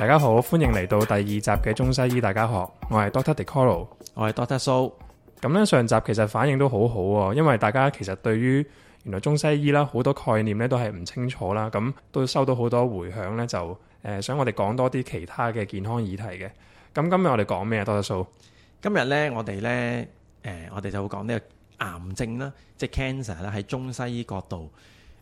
大家好，歡迎嚟到第二集嘅中西醫大家學，我係 Doctor Decoro，我係 Doctor 蘇、so。咁咧上集其實反應都好好喎，因為大家其實對於原來中西醫啦好多概念咧都係唔清楚啦，咁都收到好多回響咧，就誒想我哋講多啲其他嘅健康議題嘅。咁今日我哋講咩啊？Doctor 蘇，今日咧我哋咧誒我哋就會講呢個癌症啦，即係 cancer 啦，喺中西醫角度，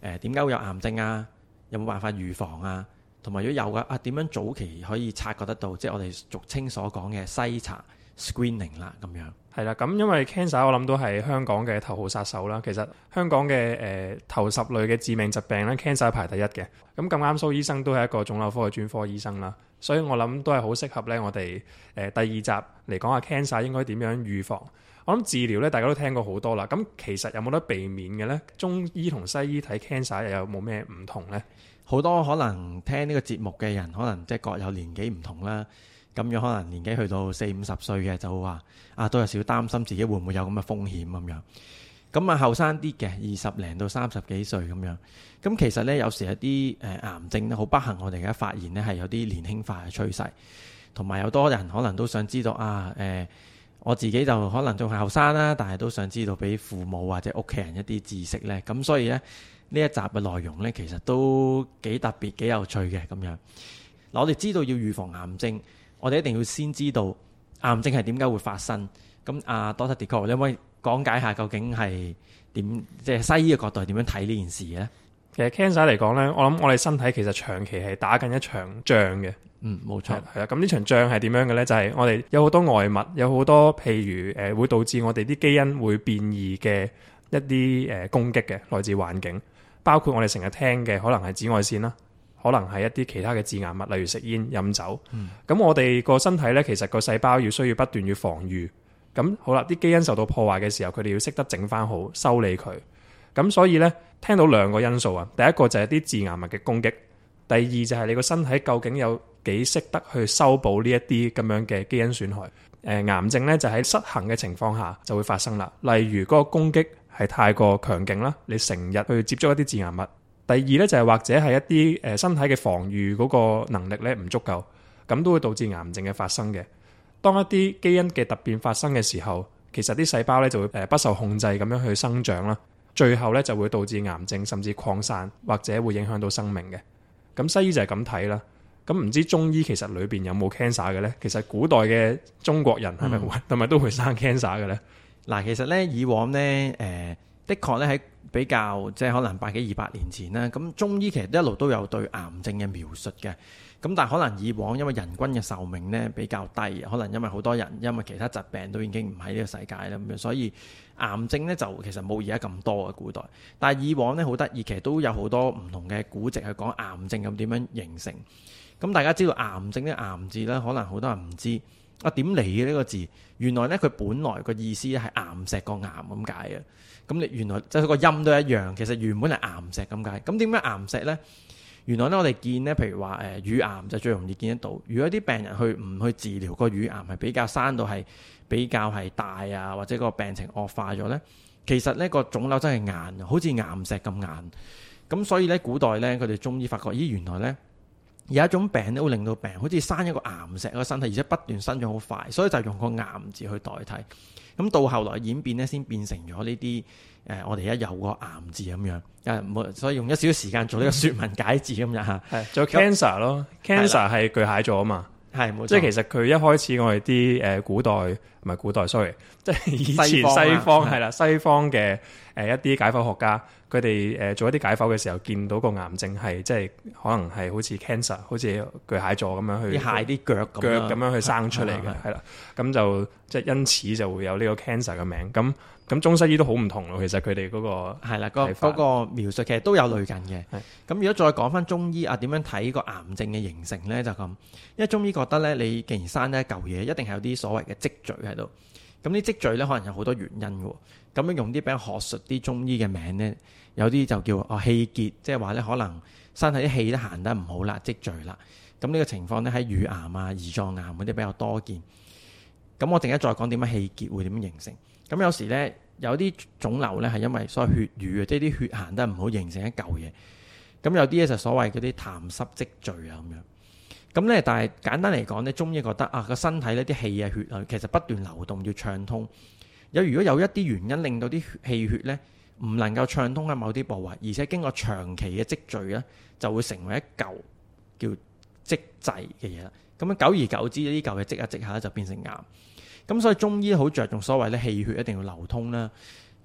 誒點解會有癌症啊？有冇辦法預防啊？同埋如果有嘅啊，點樣早期可以察覺得到，即係我哋俗稱所講嘅篩查 （screening） 啦，咁樣。係啦，咁因為 cancer 我諗都係香港嘅頭號殺手啦。其實香港嘅誒、呃、頭十類嘅致命疾病咧，cancer 排第一嘅。咁咁啱，蘇醫生都係一個腫瘤科嘅專科醫生啦，所以我諗都係好適合咧，我哋第二集嚟講下 cancer 應該點樣預防。我諗治療咧，大家都聽過好多啦。咁其實有冇得避免嘅呢？中醫同西醫睇 cancer 又有冇咩唔同呢？好多可能聽呢個節目嘅人，可能即係各有年紀唔同啦。咁樣可能年紀去到四五十歲嘅就話啊，都有少少擔心自己會唔會有咁嘅風險咁樣。咁啊後生啲嘅二十零到三十幾歲咁樣。咁其實呢，有時有一啲誒、呃、癌症呢好不幸，我哋而家發現呢係有啲年輕化嘅趨勢。同埋有多人可能都想知道啊誒、呃，我自己就可能仲係後生啦，但係都想知道俾父母或者屋企人一啲知識呢。咁所以呢。呢一集嘅內容呢，其實都幾特別、幾有趣嘅咁樣。嗱，我哋知道要預防癌症，我哋一定要先知道癌症係點解會發生。咁阿 Doctor Deco 你可唔可以講解下究竟係點？即係西醫嘅角度係點樣睇呢件事嘅？其實 cancer 嚟講呢，我諗我哋身體其實長期係打緊一場仗嘅。嗯，冇錯，係啦。咁呢場仗係點樣嘅呢？就係我哋有好多外物，有好多譬如誒會導致我哋啲基因會變異嘅一啲誒攻擊嘅，來自環境。包括我哋成日聽嘅，可能係紫外線啦，可能係一啲其他嘅致癌物，例如食煙、飲酒。咁、嗯、我哋個身體呢，其實個細胞要需要不斷要防禦。咁好啦，啲基因受到破壞嘅時候，佢哋要識得整翻好，修理佢。咁所以呢，聽到兩個因素啊，第一個就係啲致癌物嘅攻擊，第二就係你個身體究竟有幾識得去修補呢一啲咁樣嘅基因損害。誒、呃，癌症呢，就喺失衡嘅情況下就會發生啦。例如嗰個攻擊。係太過強勁啦，你成日去接觸一啲致癌物。第二咧就係或者係一啲誒、身體嘅防禦嗰個能力咧唔足夠，咁都會導致癌症嘅發生嘅。當一啲基因嘅突變發生嘅時候，其實啲細胞咧就會誒、不受控制咁樣去生長啦，最後咧就會導致癌症，甚至擴散，或者會影響到生命嘅。咁西醫就係咁睇啦。咁唔知中醫其實裏邊有冇 cancer 嘅咧？其實古代嘅中國人係咪同埋都會生 cancer 嘅咧？嗱，其實呢，以往呢，誒、呃、的確呢，喺比較即係可能百幾二百年前啦，咁中醫其實一路都有對癌症嘅描述嘅。咁但係可能以往因為人均嘅壽命呢比較低，可能因為好多人因為其他疾病都已經唔喺呢個世界啦，咁樣所以癌症呢，就其實冇而家咁多嘅古代。但係以往呢，好得意，其實都有好多唔同嘅古籍去講癌症咁點樣形成。咁大家知道癌症呢，癌字呢，可能好多人唔知。我點嚟嘅呢、這個字？原來呢，佢本來個意思係岩石個岩咁解。咁你原來就係個音都一樣，其實原本係岩石咁解。咁點解岩石呢？原來呢，我哋見呢，譬如話誒乳癌就最容易見得到。如果啲病人去唔去治療，這個乳癌係比較生到係比較係大啊，或者個病情惡化咗呢。其實呢個腫瘤真係硬，好似岩石咁硬。咁所以呢，古代呢，佢哋中醫發覺，咦，原來呢。有一種病咧，會令到病好似生一個癌石喺個身體，而且不斷生長好快，所以就用個癌字去代替。咁到後來演變咧，先變成咗呢啲誒，我哋而家有個癌字咁樣、呃。所以用一少少時間做呢個說文解字咁樣嚇。係 cancer 咯，cancer 係巨蟹座啊嘛。係冇。即係其實佢一開始我哋啲古代唔係古代，sorry，即係以前西方係啦，西方嘅、啊、一啲解剖學家。佢哋誒做一啲解剖嘅時候，見到個癌症係即係可能係好似 cancer，嗯，好似巨蟹座咁樣去，蟹啲腳腳咁樣去生出嚟嘅，係啦，咁就即係因此就會有呢個 cancer 嘅名。咁咁中西醫都好唔同咯，其實佢哋嗰個係啦，嗰、嗰個嗰個描述其實都有類近嘅。咁如果再講翻中醫啊，點樣睇個癌症嘅形成咧？就咁，因為中醫覺得咧，你既然生呢一嚿嘢，一定係有啲所謂嘅積聚喺度。咁啲積聚咧，可能有好多原因嘅。咁樣用啲比較學術啲中醫嘅名咧，有啲就叫哦氣結，即係話咧可能身體啲氣都行得唔好啦，積聚啦。咁呢個情況咧喺乳癌啊、胰臟癌嗰啲比較多見。咁我陣間再講點樣氣結會點樣形成。咁有時咧有啲腫瘤咧係因為所謂血瘀啊，即係啲血行得唔好，形成一嚿嘢。咁有啲咧就所謂嗰啲痰濕積聚咁樣。咁咧，但係簡單嚟講咧，中醫覺得啊，個身體呢啲氣啊、血啊，其實不斷流動要暢通。有如果有一啲原因令到啲氣血咧唔能夠暢通喺某啲部位，而且經過長期嘅積聚咧，就會成為一嚿叫積滯嘅嘢啦。咁久而久之，呢嚿嘢積下積下咧就變成癌。咁所以中醫好着重所謂咧氣血一定要流通啦。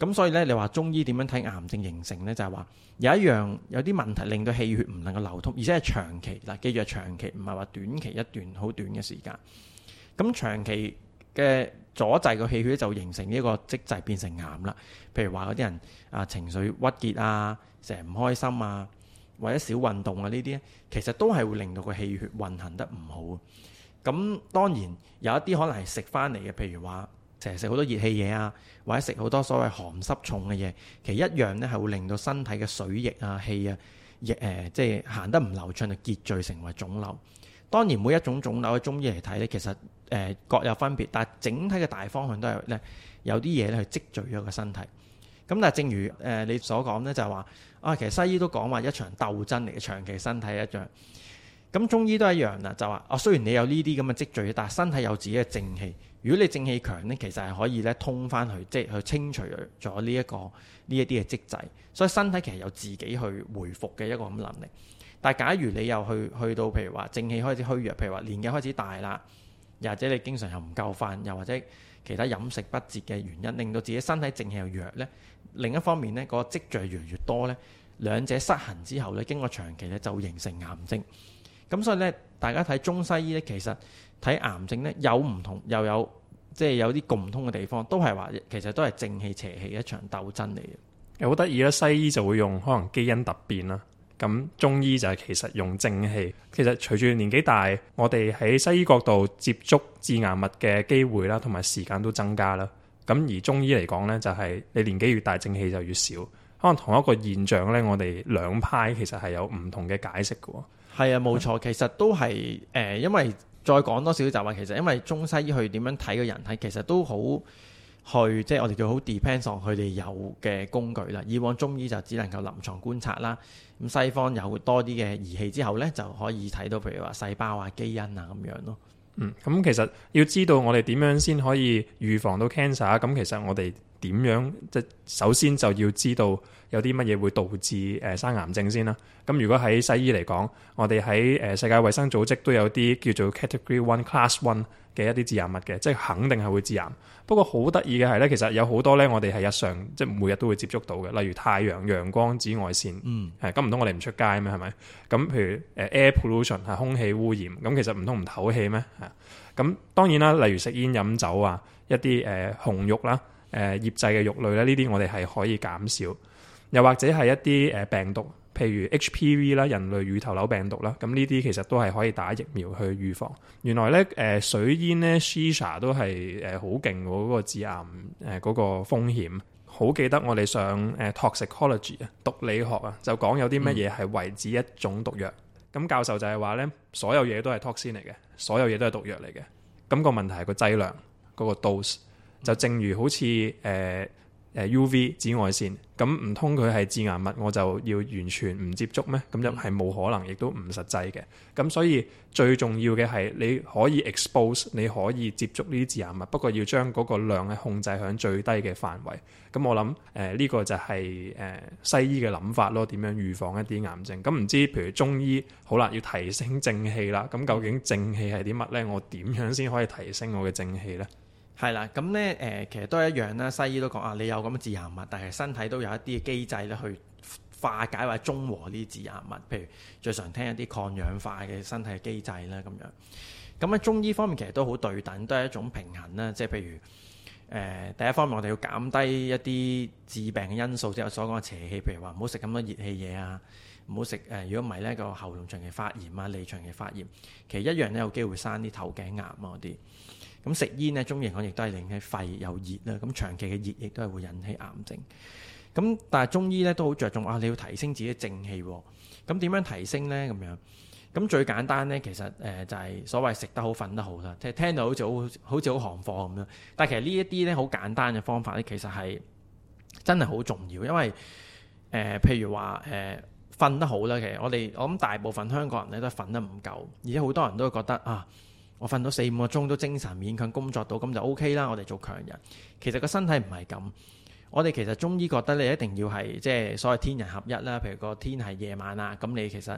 咁所以咧，你話中醫點樣睇癌症形成呢？就係、係、話有一樣有啲問題令到氣血唔能夠流通，而且係長期嗱，記住長期，唔係話短期一段好短嘅時間。咁長期嘅阻滯個氣血就形成呢一個積滯，變成癌啦。譬如話嗰啲人啊、呃，情緒鬱結啊，成日唔開心啊，或者少運動啊，呢啲其實都係會令到個氣血運行得唔好。咁當然有一啲可能係食翻嚟嘅，譬如話。成日食好多熱氣嘢啊，或者食好多所謂寒濕重嘅嘢，其實一樣呢係會令到身體嘅水液啊、氣啊、液誒，即係行得唔流暢，就結聚成為腫瘤。當然每一種腫瘤喺中醫嚟睇呢，其實誒、呃、各有分別，但係整體嘅大方向都係呢有啲嘢呢去積聚咗個身體。咁但係正如、呃、你所講呢，就係話啊，其實西醫都講話一場鬥爭嚟嘅，長期身體一樣。咁中醫都一樣啦，就話哦，雖然你有呢啲咁嘅積聚，但身體有自己嘅正氣。如果你正氣強呢，其實係可以咧通翻去，即係去清除咗呢一個呢一啲嘅積滯。所以身體其實有自己去回復嘅一個咁能力。但假如你又去去到譬如話正氣開始虛弱，譬如話年紀開始大啦，又或者你經常又唔夠瞓，又或者其他飲食不節嘅原因，令到自己身體正氣又弱呢，另一方面呢，個積聚越嚟越多呢，兩者失衡之後呢，經過長期呢，就形成癌症。咁所以咧，大家睇中西醫咧，其實睇癌症咧有唔同，又有即係有啲共通嘅地方，都係話其實都係正氣邪氣一場鬥爭嚟嘅。又好得意啦，西醫就會用可能基因突變啦，咁中醫就係其實用正氣。其實隨住年紀大，我哋喺西醫角度接觸致癌物嘅機會啦，同埋時間都增加啦。咁而中醫嚟講咧，就係你年紀越大，正氣就越少。可能同一個現象咧，我哋兩派其實係有唔同嘅解釋嘅。係啊，冇錯，其實都係、呃、因為再講多少就集話，其實因為中西醫去點樣睇個人體，其實都好去，即係我哋叫好 depends on 佢哋有嘅工具啦。以往中醫就只能夠臨床觀察啦，咁西方有多啲嘅儀器之後呢，就可以睇到譬如話細胞啊、基因啊咁樣咯。嗯，咁、嗯嗯、其實要知道我哋點樣先可以預防到 cancer，咁、嗯、其實我哋點樣即首先就要知道。有啲乜嘢會導致、呃、生癌症先啦、啊？咁如果喺西醫嚟講，我哋喺、呃、世界衛生組織都有啲叫做 Category One Class One 嘅一啲致癌物嘅，即係肯定係會致癌。不過好得意嘅係咧，其實有好多咧，我哋係日常即係每日都會接觸到嘅，例如太陽陽光紫外線，嗯，係咁唔通我哋唔出街咩？係咪咁？譬如 air pollution 係空氣污染，咁其實唔通唔唞氣咩？嚇咁當然啦，例如食煙飲酒啊，一啲誒、呃、紅肉啦、誒、呃、醃製嘅肉類咧，呢啲我哋係可以減少。又或者係一啲誒病毒，譬如 HPV 啦、人類乳頭瘤病毒啦，咁呢啲其實都係可以打疫苗去預防。原來咧誒，水煙咧 shisha 都係誒好勁嗰個致癌誒嗰、嗰個風險。好記得我哋上誒 toxicology 啊，毒理學啊，就講有啲乜嘢係為止一種毒藥。咁、嗯、教授就係話咧，所有嘢都係 toxin 嚟嘅，所有嘢都係毒藥嚟嘅。咁、嗰個問題係個劑量，嗰、嗰個 dose 就正如好似誒。呃 U.V. 紫外線，咁唔通佢係致癌物，我就要完全唔接觸咩？咁又係冇可能，亦都唔實際嘅。咁所以最重要嘅係你可以 expose，你可以接觸呢啲致癌物，不過要將嗰個量係控制喺最低嘅範圍。咁我諗呢、呃呢個就係、是、誒、呃、西醫嘅諗法咯，點樣預防一啲癌症？咁唔知譬如中醫好啦，要提升正氣啦。咁究竟正氣係啲乜咧？我點樣先可以提升我嘅正氣咧？係啦，咁咧誒，其實都係一樣啦。西醫都講啊，你有咁嘅致癌物，但係身體都有一啲嘅機制咧去化解或者中和呢啲致癌物。譬如最常聽一啲抗氧化嘅身體嘅機制啦，咁樣。咁喺中醫方面其實都好對等，都係一種平衡啦。即係譬如誒、呃，第一方面我哋要減低一啲致病嘅因素，即係我所講嘅邪氣。譬如話唔好食咁多熱氣嘢啊。唔好食誒，如果唔係咧，個喉嚨長期發炎啊，脷長期發炎，其實一樣咧有機會生啲頭頸癌啊啲。咁食煙呢，中醫嚟講亦都係令起肺又熱啦。咁長期嘅熱，亦都係會引起癌症。咁但係中醫咧都好着重啊，你要提升自己嘅正氣，哦。咁點樣提升呢？咁樣咁最簡單呢，其實誒、呃、就係、是、所謂食得好、瞓得好啦。即係聽就好似好好似好行貨咁樣，但係其實呢一啲咧好簡單嘅方法咧，其實係真係好重要，因為誒、呃、譬如話誒。呃瞓得好啦，其實我哋我諗大部分香港人咧都瞓得唔夠，而且好多人都會覺得啊，我瞓到四五個鐘都精神勉強工作到，咁就 O K 啦。我哋做強人，其實個身體唔係咁。我哋其實中醫覺得你一定要係即係所謂天人合一啦。譬如個天係夜晚啊，咁你其實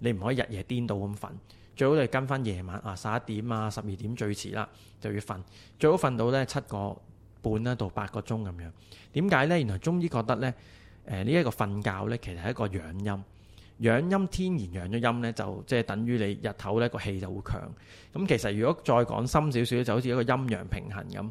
你唔可以日夜顛倒咁瞓，最好你跟翻夜晚啊，十一點啊、十二點最遲啦就要瞓，最好瞓到呢七個半啦到八個鐘咁樣。點解呢？原來中醫覺得呢。誒、呃、呢、這個、一個瞓覺呢，其實係一個養陰，養陰天然養咗陰呢，就即係等於你日頭呢個氣就會強。咁其實如果再講深少少就好似一個陰陽平衡咁。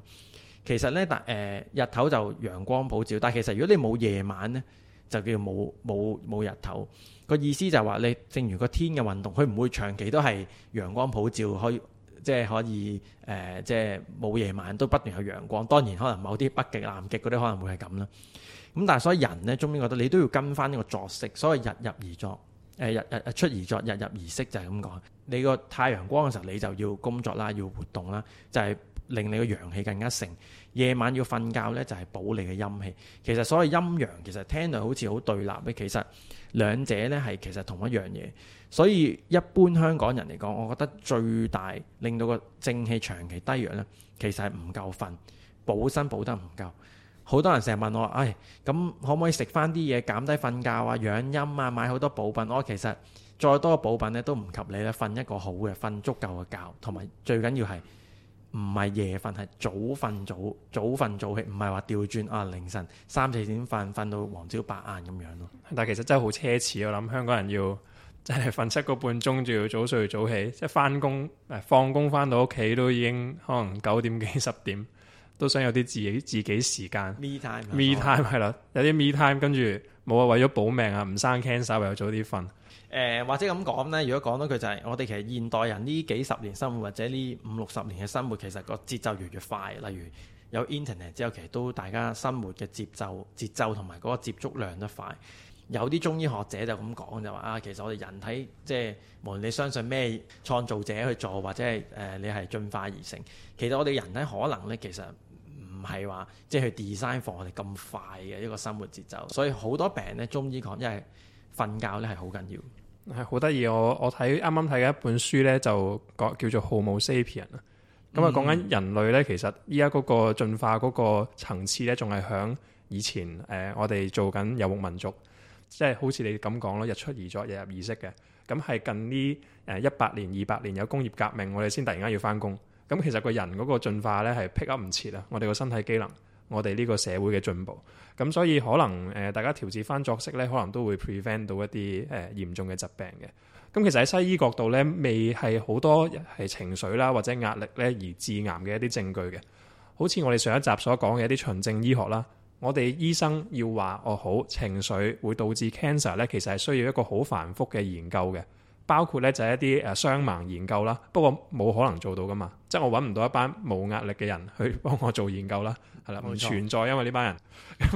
其實呢，呃、日頭就陽光普照，但係其實如果你冇夜晚呢，就叫冇冇冇日頭。個意思就係話你，正如個天嘅運動，佢唔會長期都係陽光普照可以。即係可以誒、呃，即係冇夜晚都不斷有陽光。當然可能某啲北極、南極嗰啲可能會係咁啦。咁但係所以人呢，中邊覺得你都要跟翻呢個作息，所謂日入而作，誒、呃、日日出而作，日入而息就係咁講。你個太陽光嘅時候，你就要工作啦，要活動啦，就係、是。令你個陽氣更加盛，夜晚要瞓覺呢，就係補你嘅陰氣。其實所謂陰陽，其實聽到好似好對立咧，其實兩者呢，係其實同一樣嘢。所以一般香港人嚟講，我覺得最大令到個正氣長期低弱呢，其實係唔夠瞓，補身補得唔夠。好多人成日問我，唉，咁可唔可以食翻啲嘢減低瞓覺啊、養陰啊、買好多補品？我其實再多嘅補品呢，都唔及你呢瞓一個好嘅、瞓足夠嘅覺，同埋最緊要係。唔係夜瞓，係早瞓早早瞓早起，唔係話調轉啊，凌晨三四點瞓，瞓到黃朝白晏咁樣咯。但其實真係好奢侈，我諗香港人要真係瞓七個半鐘，仲要早睡早起，即係翻工誒，放工翻到屋企都已經可能九點幾十點，都想有啲自己自己時間。Me time，Me time 係啦、哦，有啲 Me time 跟住冇啊，為咗保命啊，唔生 cancer，唯有早啲瞓。誒、呃、或者咁講呢，如果講到佢就係我哋其實現代人呢幾十年生活或者呢五六十年嘅生活，其實個節奏越來越快。例如有 Internet 之後，其實都大家生活嘅節奏節奏同埋嗰個接觸量都快。有啲中醫學者就咁講就話啊，其實我哋人體即係無論你相信咩創造者去做，或者係、呃、你係進化而成，其實我哋人呢，可能呢，其實唔係話即係去 design for 我哋咁快嘅一個生活節奏。所以好多病呢，中醫講因為。瞓覺咧係好緊要，係好得意。我我睇啱啱睇嘅一本書咧，就叫做 Homo sapiens，嗯《毫無 s a v i a 啊。咁啊，講緊人類咧，其實依家嗰個進化嗰個層次咧，仲係響以前。誒、呃，我哋做緊遊牧民族，即、就、係、是、好似你咁講咯，日出而作，日入而息嘅。咁係近呢誒一百年、二百年有工業革命，我哋先突然間要翻工。咁其實個人嗰個進化咧係匹唔切啊。我哋個身體機能。我哋呢個社會嘅進步，咁所以可能誒、呃、大家調節翻作息呢，可能都會 prevent 到一啲誒嚴重嘅疾病嘅。咁其實喺西醫角度呢，未係好多係情緒啦、啊、或者壓力呢而致癌嘅一啲證據嘅。好似我哋上一集所講嘅一啲循證醫學啦，我哋醫生要話哦，好，情緒會導致 cancer 呢，其實係需要一個好繁複嘅研究嘅。包括咧就係、是、一啲誒雙盲研究啦，不過冇可能做到噶嘛，即、就、係、是、我揾唔到一班冇壓力嘅人去幫我做研究啦，係啦，唔存在因為呢班人，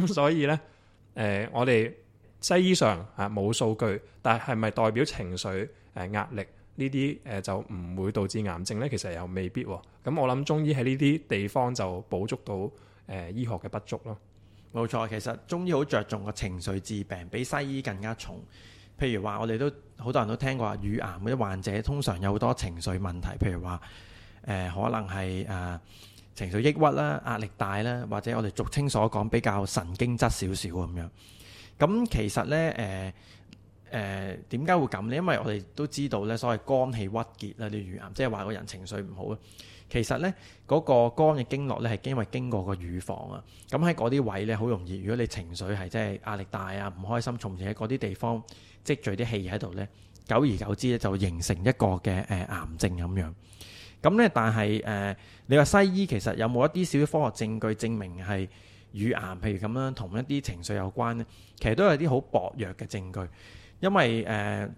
咁所以呢，誒、呃、我哋西醫上嚇冇、啊、數據，但係係咪代表情緒誒、呃、壓力呢啲誒就唔會導致癌症呢？其實又未必喎、啊，咁我諗中醫喺呢啲地方就補足到誒、呃、醫學嘅不足咯。冇錯，其實中醫好着重個情緒致病，比西醫更加重。譬如話，我哋都好多人都聽過話，乳癌嗰啲患者通常有好多情緒問題，譬如話，誒、呃、可能係誒、呃、情緒抑鬱啦、壓力大啦，或者我哋俗稱所講比較神經質少少咁樣。咁其實呢，誒、呃。誒，點解會咁呢？因為我哋都知道呢，所謂肝氣鬱結你啲乳癌，即係話個人情緒唔好啊。其實呢，嗰個肝嘅經絡呢，係因為經過個乳房啊，咁喺嗰啲位呢，好容易，如果你情緒係即係壓力大啊、唔開心，從而喺嗰啲地方積聚啲氣喺度呢，久而久之咧就形成一個嘅誒、呃、癌症咁樣。咁呢，但係誒，你話西醫其實有冇一啲少少科學證據證明係乳癌，譬如咁樣同一啲情緒有關呢？其實都有啲好薄弱嘅證據。因為誒、呃，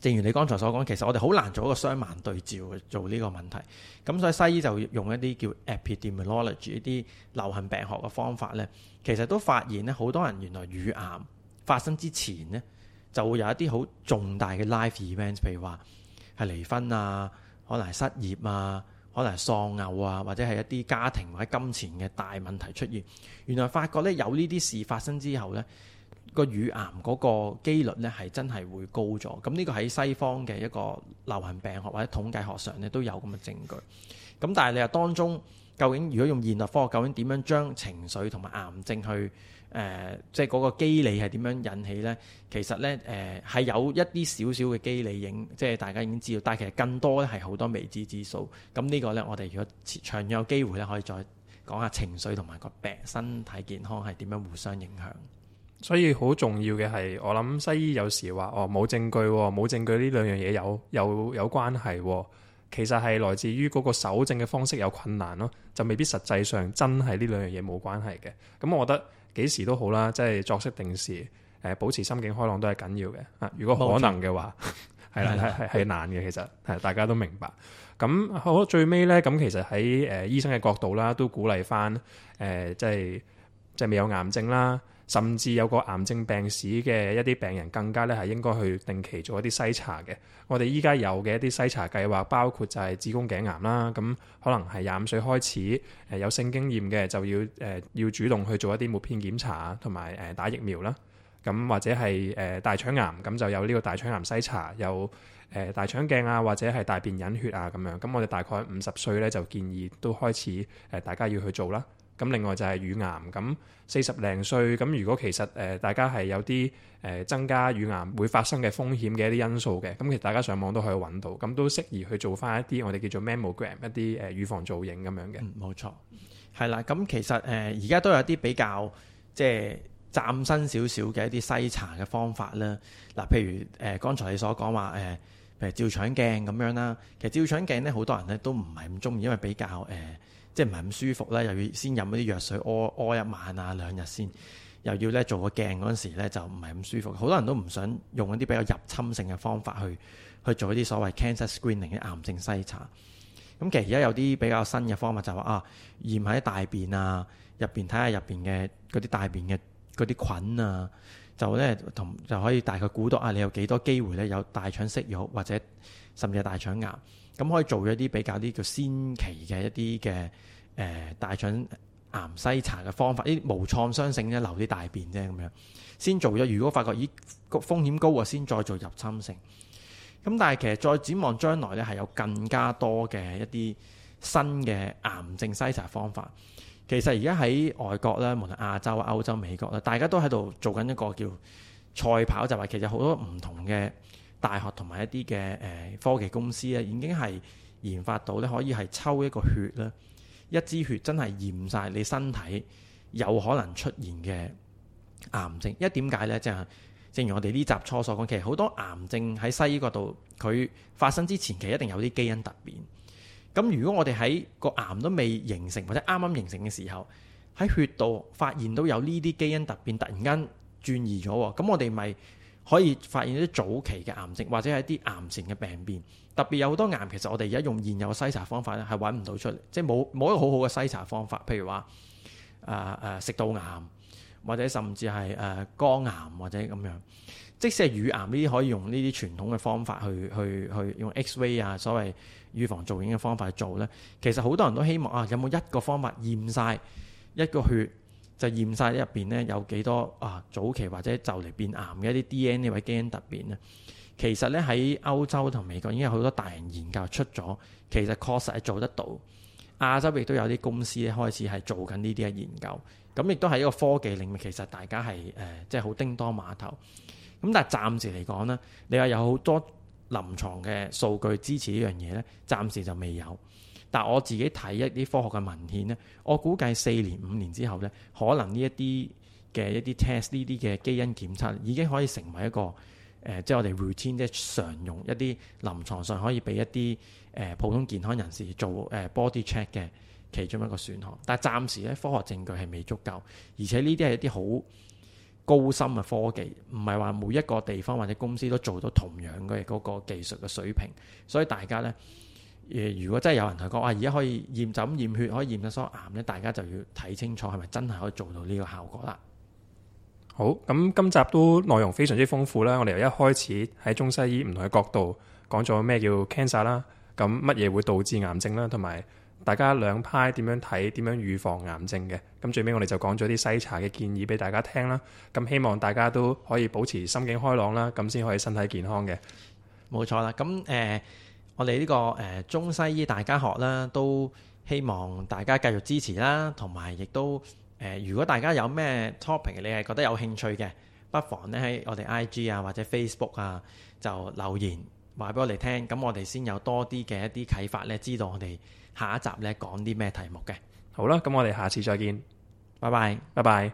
正如你剛才所講，其實我哋好難做一個雙盲對照做呢個問題。咁、嗯、所以西醫就用一啲叫 epidemiology，一啲流行病學嘅方法呢，其實都發現咧，好多人原來乳癌發生之前呢，就會有一啲好重大嘅 life events，譬如話係離婚啊，可能係失業啊，可能係喪偶啊，或者係一啲家庭或者金錢嘅大問題出現。原來發覺呢，有呢啲事發生之後呢，個乳癌嗰個機率咧，係真係會高咗。咁呢個喺西方嘅一個流行病學或者統計學上咧，都有咁嘅證據。咁但係你話當中究竟如果用現代科學，究竟點樣將情緒同埋癌症去誒，即係嗰個機理係點樣引起呢？其實呢誒係、呃、有一啲少少嘅機理影，即係大家已經知道，但係其實更多咧係好多未知之數。咁呢個呢，我哋如果長遠有機會咧，可以再講下情緒同埋個病身體健康係點樣互相影響。所以好重要嘅係，我諗西醫有時話哦，冇證據，冇證據呢兩樣嘢有有有關係，其實係來自於嗰個手證嘅方式有困難咯，就未必實際上真係呢兩樣嘢冇關係嘅。咁我覺得幾時都好啦，即係作息定時，誒保持心境開朗都係緊要嘅啊。如果可能嘅話，係啦係係係難嘅，其實係大家都明白。咁好，最尾咧，咁其實喺誒、呃、醫生嘅角度啦，都鼓勵翻誒，即係即係未有癌症啦。甚至有個癌症病史嘅一啲病人，更加咧係應該去定期做一啲篩查嘅。我哋依家有嘅一啲篩查計劃，包括就係子宮頸癌啦，咁可能係廿五歲開始，誒、呃、有性經驗嘅就要誒、呃、要主動去做一啲抹片檢查，同埋誒打疫苗啦。咁或者係誒、呃、大腸癌，咁就有呢個大腸癌篩查，有誒、呃、大腸鏡啊，或者係大便隱血啊咁樣。咁我哋大概五十歲咧就建議都開始誒、呃、大家要去做啦。咁另外就係乳癌，咁四十零歲，咁如果其實、呃、大家係有啲、呃、增加乳癌會發生嘅風險嘅一啲因素嘅，咁其實大家上網都可以揾到，咁都適宜去做翻一啲我哋叫做 mammogram 一啲誒乳房造影咁樣嘅。冇、嗯、錯，係啦，咁其實而家、呃、都有啲比較即係嶄新少少嘅一啲篩查嘅方法啦。嗱、呃，譬如誒、呃、剛才你所講話誒，譬、呃、如照腸鏡咁樣啦，其實照腸鏡呢，好多人咧都唔係咁中意，因為比較、呃即係唔係咁舒服咧？又要先飲嗰啲藥水，屙屙一晚啊兩日先，又要咧做個鏡嗰陣時咧就唔係咁舒服。好多人都唔想用嗰啲比較入侵性嘅方法去去做呢啲所謂 cancer screening 嘅癌症篩查。咁其實而家有啲比較新嘅方法就話、是、啊，驗喺大便啊入邊睇下入邊嘅嗰啲大便嘅嗰啲菌啊。就咧同就可以大概估到啊，你有幾多機會咧有大腸息肉或者甚至大腸癌，咁可以做一啲比較啲叫先期嘅一啲嘅誒大腸癌篩查嘅方法，呢啲無創傷性咧留啲大便啫咁樣，先做咗。如果發覺咦高風險高啊，先再做入侵性。咁但係其實再展望將來咧，係有更加多嘅一啲新嘅癌症篩查方法。其實而家喺外國咧，無論亞洲、歐洲、美國咧，大家都喺度做緊一個叫賽跑，就係話，其實好多唔同嘅大學同埋一啲嘅誒科技公司咧，已經係研發到咧可以係抽一個血咧，一支血真係驗晒你身體有可能出現嘅癌症。一點解呢？即係正如我哋呢集初所講，其實好多癌症喺西醫角度，佢發生之前，其實一定有啲基因突變。咁如果我哋喺個癌都未形成或者啱啱形成嘅時候，喺血度發現到有呢啲基因突變，突然間轉移咗，咁我哋咪可以發現啲早期嘅癌症或者係啲癌前嘅病變。特別有好多癌，其實我哋而家用現有篩查方法咧係揾唔到出嚟，即係冇冇一個好好嘅篩查方法。譬如話，呃，食道癌或者甚至係誒肝癌或者咁樣。即使係乳癌呢啲可以用呢啲傳統嘅方法去去去用 X-ray 啊，所謂預防造影嘅方法去做呢，其實好多人都希望啊，有冇一個方法驗晒一個血就驗曬入邊呢有幾多啊早期或者就嚟變癌嘅一啲 DNA 或基因突變呢？其實呢，喺歐洲同美國已經有好多大型研究出咗，其實確實係做得到。亞洲亦都有啲公司咧開始係做緊呢啲嘅研究，咁亦都係一個科技領域，其實大家係誒、呃、即係好叮噹碼頭。咁但係暫時嚟講呢，你話有好多臨床嘅數據支持呢樣嘢呢，暫時就未有。但我自己睇一啲科學嘅文獻呢，我估計四年五年之後呢，可能呢一啲嘅一啲 test 呢啲嘅基因檢測已經可以成為一個誒、呃，即係我哋 routine 即常用一啲臨床上可以俾一啲誒、呃、普通健康人士做誒 body check 嘅其中一個選項。但係暫時呢，科學證據係未足夠，而且呢啲係一啲好。高深嘅科技，唔係話每一個地方或者公司都做到同樣嘅嗰個技術嘅水平，所以大家呢，誒，如果真係有人同我講，我而家可以驗枕驗血，可以驗得所有癌呢，大家就要睇清楚係咪真係可以做到呢個效果啦。好，咁今集都內容非常之豐富啦，我哋由一開始喺中西醫唔同嘅角度講咗咩叫 cancer 啦，咁乜嘢會導致癌症啦，同埋。大家兩派點樣睇？點樣預防癌症嘅？咁最尾我哋就講咗啲篩查嘅建議俾大家聽啦。咁希望大家都可以保持心境開朗啦，咁先可以身體健康嘅。冇錯啦。咁、呃、我哋呢、這個、呃、中西醫大家學啦，都希望大家繼續支持啦。同埋亦都、呃、如果大家有咩 topic，你係覺得有興趣嘅，不妨呢喺我哋 I G 啊或者 Facebook 啊就留言話俾我哋聽。咁我哋先有多啲嘅一啲啟發呢，知道我哋。下一集咧，講啲咩題目嘅？好啦，咁我哋下次再見，拜拜，拜拜。